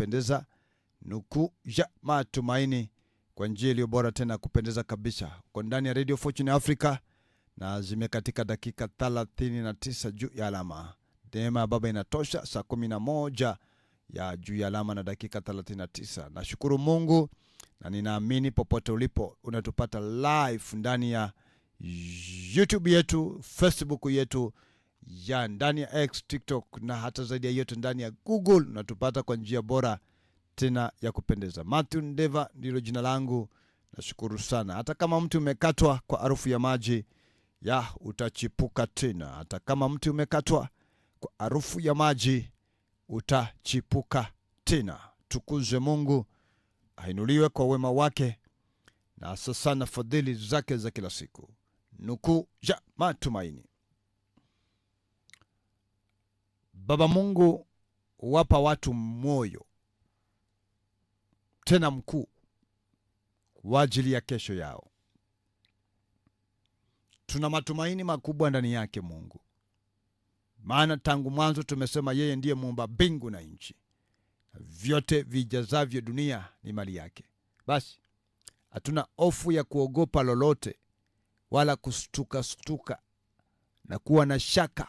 kupendeza, nuku ya matumaini kwa njia iliyo bora tena kupendeza kabisa, uko ndani ya Radio Fortune Africa na zimekatika dakika 39 juu ya alama. Neema ya Baba inatosha, saa 11 ya juu ya alama na dakika 39. Nashukuru Mungu na ninaamini popote ulipo unatupata live ndani ya YouTube yetu, Facebook yetu ya ndani ya X, TikTok na hata zaidi ya yote ndani ya Google. unatupata kwa njia bora tena ya kupendeza. matthew Ndeva ndilo jina langu. Nashukuru sana. Hata kama mti umekatwa kwa harufu ya maji ya utachipuka tena. Hata kama mti umekatwa kwa harufu ya maji utachipuka tena. Tukuze Mungu, ainuliwe kwa wema wake na hasa sana fadhili zake za kila siku. Nukuu ya Matumaini. Baba Mungu wapa watu moyo tena mkuu kwa ajili ya kesho yao. Tuna matumaini makubwa ndani yake Mungu, maana tangu mwanzo tumesema yeye ndiye muumba mbingu na nchi, vyote vijazavyo dunia ni mali yake. Basi hatuna hofu ya kuogopa lolote wala kustukastuka na kuwa na shaka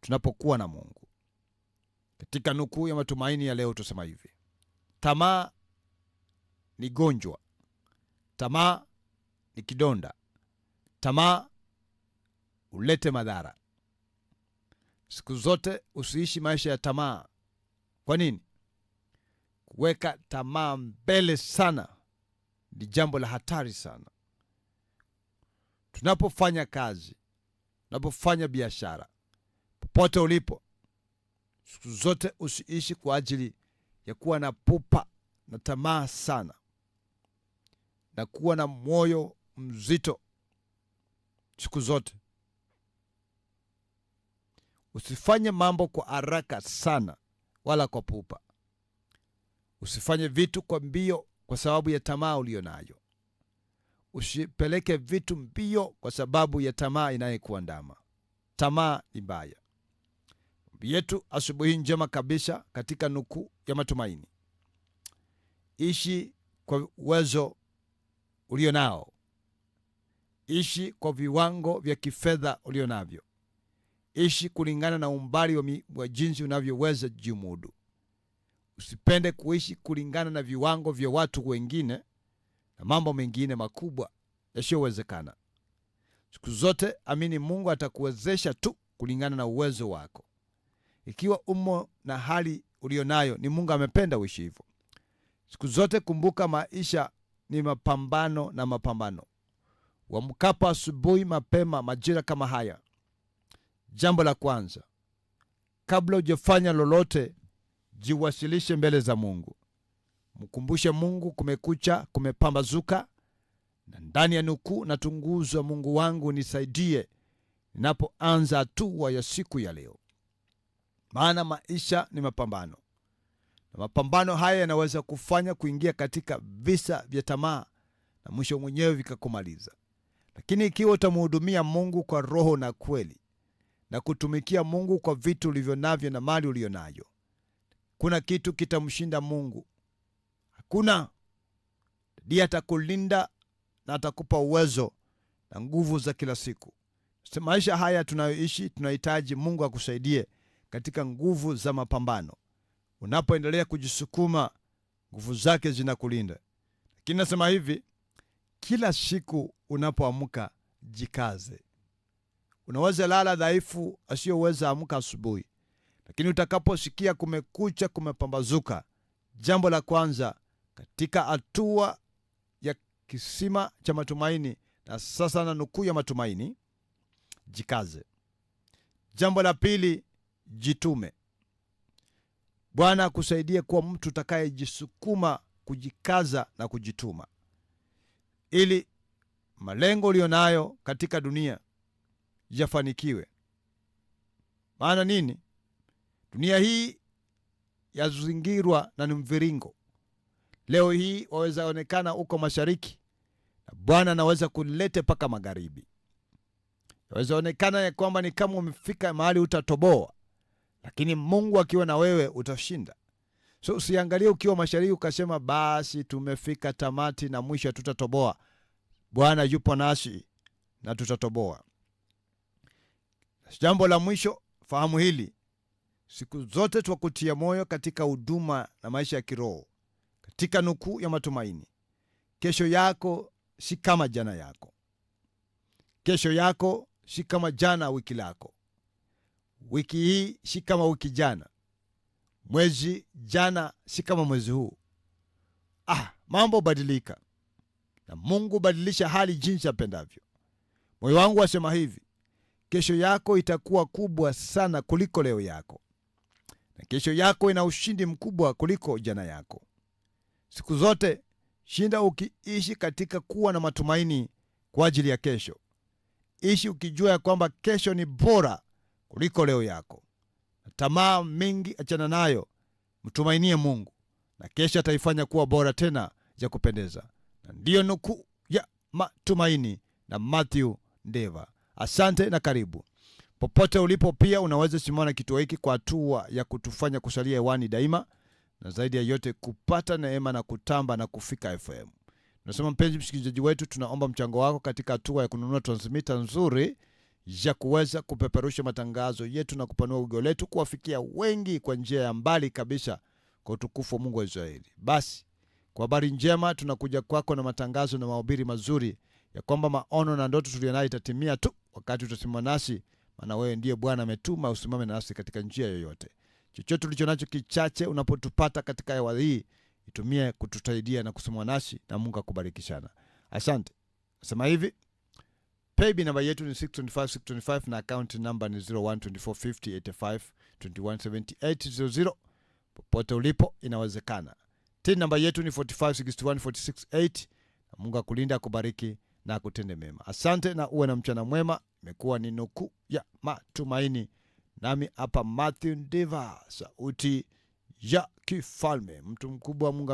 tunapokuwa na Mungu. Katika nukuu ya matumaini ya leo tusema hivi: tamaa ni gonjwa, tamaa ni kidonda, tamaa ulete madhara. Siku zote usiishi maisha ya tamaa. Kwa nini? Kuweka tamaa mbele sana ni jambo la hatari sana. Tunapofanya kazi, tunapofanya biashara, popote ulipo, siku zote usiishi kwa ajili ya kuwa na pupa na tamaa sana na kuwa na moyo mzito siku zote. Usifanye mambo kwa haraka sana, wala kwa pupa. Usifanye vitu kwa mbio kwa sababu ya tamaa uliyo nayo. Usipeleke vitu mbio kwa sababu ya tamaa inayokuandama. Tamaa ni mbaya yetu asubuhi njema kabisa katika nukuu ya matumaini. Ishi kwa uwezo ulio nao, ishi kwa viwango vya kifedha ulio navyo, ishi kulingana na umbali wa jinsi unavyoweza jimudu. Usipende kuishi kulingana na viwango vya watu wengine na mambo mengine makubwa yasiyowezekana. Siku zote amini Mungu atakuwezesha tu kulingana na uwezo wako ikiwa umo na hali nayo ni Mungu amependa uishi hivyo. Siku zote kumbuka, maisha ni mapambano na mapambano. Wamkapo asubuhi mapema majira kama haya, jambo la kwanza, kabla hujafanya lolote, jiwasilishe mbele za Mungu. Mkumbushe Mungu, kumekucha, kumepambazuka. Na ndani ya nukuu natunguzwa, Mungu wangu nisaidie, ninapoanza hatua ya siku ya leo maana maisha ni mapambano, na mapambano haya yanaweza kufanya kuingia katika visa vya tamaa na mwisho mwenyewe vikakumaliza. Lakini ikiwa utamhudumia Mungu kwa roho na kweli na kutumikia Mungu kwa vitu ulivyo navyo na mali uliyo nayo, kuna kitu kitamshinda Mungu? Hakuna. Ndiye atakulinda na atakupa uwezo na nguvu za kila siku. Maisha haya tunayoishi tunahitaji Mungu akusaidie katika nguvu za mapambano. Unapoendelea kujisukuma, nguvu zake zinakulinda. Lakini nasema hivi, kila siku unapoamka jikaze. Unaweza lala dhaifu asiyoweza amka asubuhi, lakini utakaposikia kumekucha, kumepambazuka, jambo la kwanza katika hatua ya kisima cha matumaini, na sasa na nukuu ya matumaini, jikaze. Jambo la pili jitume. Bwana akusaidie kuwa mtu utakayejisukuma kujikaza na kujituma, ili malengo uliyo nayo katika dunia yafanikiwe. Maana nini? Dunia hii yazingirwa na ni mviringo. Leo hii waweza onekana uko mashariki, na Bwana anaweza kulete mpaka magharibi. Yaweza onekana ya kwamba ni kama umefika mahali utatoboa, lakini Mungu akiwa na wewe utashinda. So usiangalie ukiwa mashariki ukasema basi tumefika tamati na mwisho tutatoboa. Bwana yupo nasi na tutatoboa. Jambo la mwisho, fahamu hili siku zote, twakutia moyo katika huduma na maisha ya kiroho katika nukuu ya matumaini. Kesho yako si kama jana yako, kesho yako si kama jana wiki lako wiki hii si kama wiki jana, mwezi jana si kama mwezi huu. Ah, mambo badilika na Mungu badilisha hali jinsi apendavyo. Moyo wangu wasema hivi, kesho yako itakuwa kubwa sana kuliko leo yako, na kesho yako ina ushindi mkubwa kuliko jana yako. Siku zote shinda ukiishi katika kuwa na matumaini kwa ajili ya kesho. Ishi ukijua ya kwamba kesho ni bora uliko leo yako. tamaa mingi achana nayo, mtumainie Mungu na kesha ataifanya kuwa bora tena ya kupendeza. Na ndiyo nukuu ya matumaini na Matthew Ndeva. Asante na karibu popote ulipo. Pia unaweza simama na kituo hiki kwa hatua ya kutufanya kusalia hewani daima, na zaidi ya yote kupata neema na kutamba na kufika FM. Tunasema mpenzi msikilizaji wetu, tunaomba mchango wako katika hatua ya kununua transmitter nzuri ya kuweza kupeperusha matangazo yetu na kupanua wigo letu kuwafikia wengi kwa njia ya mbali kabisa kwa utukufu wa Mungu wa Israeli. Basi kwa habari njema tunakuja kwako na matangazo na mahubiri mazuri ya kwamba maono na ndoto tuliyonayo itatimia tu wakati utasimama nasi, maana wewe ndiye Bwana ametuma usimame nasi katika njia yoyote. Chochote ulicho nacho kichache unapotupata katika hewa hii, itumie kutusaidia na kusimama nasi, na Mungu akubariki sana. Asante. Nasema hivi Paybill namba yetu ni 625 625 na account number ni 01245085217800. Popote ulipo inawezekana. TIN namba yetu ni 4561468. Mungu akulinda, akubariki na akutende mema. Asante na uwe na mchana mwema. Imekuwa ni nukuu ya matumaini, nami hapa matthew ndiva sauti ya kifalme, mtu mkubwa Mungu.